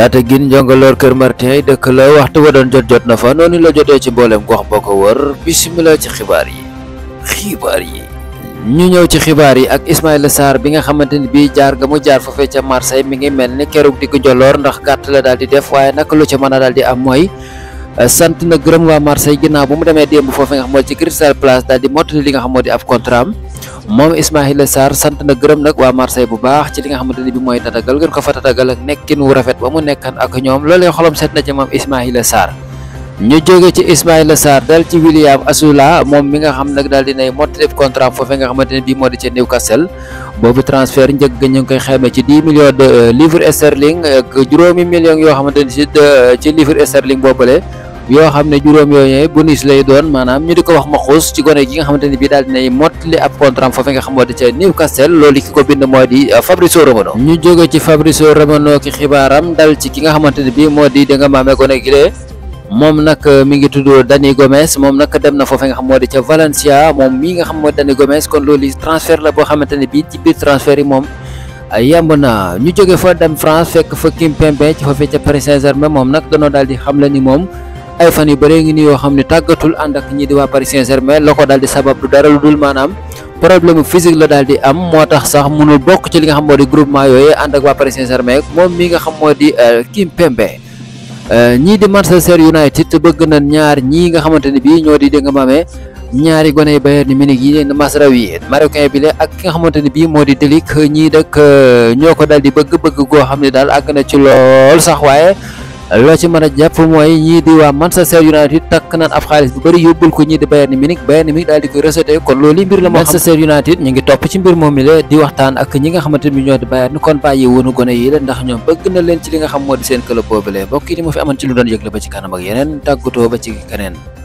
Tataguine njongoloor Kër Martin yi dëkk la waxtu wa doon jot jot na fa noonu la jotee ci mboolem gox boo ko wër bisimilah ci xibaar yi xibaar yi. ñu ci xibaar yi ak Ismaïla Sarr bi nga xamante ni bii jaar nga mu jaar foofee ca Marseille mi ngi mel ni keroog diggu njoloor ndax gàtt la daal di def waaye naka lu ci mën a daal di am mooy. Euh, sant na gërëm waa Marseille ginnaaw bu mu demee démb foofu nga xam ci Crystal Palace daal di mottali li nga xam moo di ab contrat moom Ismaïla Sarr sant na gërëm nag waa Marseille bu baax ci li nga xamante ne bi mooy tatagal gën ko fa tatagal ak rafet ba mu nekkan ak ñoom loolee xolam set na ci moom Ismaïla Sarr ñu jóge ci Ismaïla Sarr dal ci William Assoula moom mi nga xam nag daal dinay mottali contrat foofee nga xamante ne bii moo di ca Newcastle boobu transfert njëg ga ñu ngi koy xayma ci 10 millions de livres sterling ak juróomi millions yoo xamante ne ci livres sterling boobale yoo xam ne juróom yooyu bonus lay doon maanaam ñu di ko wax maxuus ci gone gi nga xamante ni bii daal dinay mottali ab contrat foofu nga xam moo di ca Newcastle loolu ki ko bind moo di uh, Fabrizio Romano ñu jóge ci Fabrizio Romano ki xibaaram dal ci ki nga xamante ne bii moo di da nga maame gone gi de moom nag uh, mi ngi tudd Dani Gomes moom nag dem na foofe nga xam moo di ca Valencia moom mii nga xam moo Dani Gomes kon loolu transfert la boo xamante ne bii ci biir transfert yi moom uh, yemb na ñu jóge fa dem France fekk fa Kimpembe ci foofe ca Paris moom nag danoo daal di xam la ni moom ay fan yu bëree ngi nii yoo xam ne tàggatul ànd ak ñi di waa Paris Saint-Germain la ko daal di sabab du dara lu dul maanaam problème physique la daal di am moo tax sax mënul bokk ci li nga xam moo di groupement yooyu ànd ak waa Paris saint moom mi nga xam moo di euh, Kimpembe euh, ñii di Manchester United bëgg na ñaar ñii nga xamante ne bii ñoo di dégg maamee ñaari gone yu Bayern Munich yi Mazraoui marocain bi la ak ki nga xamante ne bii moo di Delic ñii nag euh, ñoo ko daal di bëgg bëgg goo xam ne daal àgg na ci lool sax waaye loo ci mën a jàpp mooy ñii di waa Manchester United takk naan ab xaalis bu bëri yóbbul ko ñii di Bayern Munich Bayern Munich daal di ko rejeté kon loolu mbir la moo xam Manchester United ñu ngi topp ci mbir moom la di waxtaan ak ñi nga xamante ni ñoo di Bayern kon bàyyi woonu gone yi la ndax ñoom bëgg na leen ci li nga xam moo di seen club boobule mbokk yi di ma fi amoon ci lu doon yëgle ba ci kanam ak yeneen tàggatoo ba ci keneen